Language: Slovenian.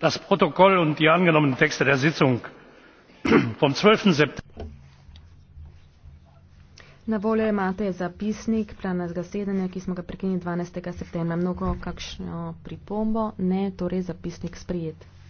das protokoll und die angenommenen texte der sitzung vom. zwölf na voljo imate zapisnik plenarnega zasedanja ki smo ga prekinili dvanajst septembra mnogo kakšno pripombo ne torej zapisnik sprejet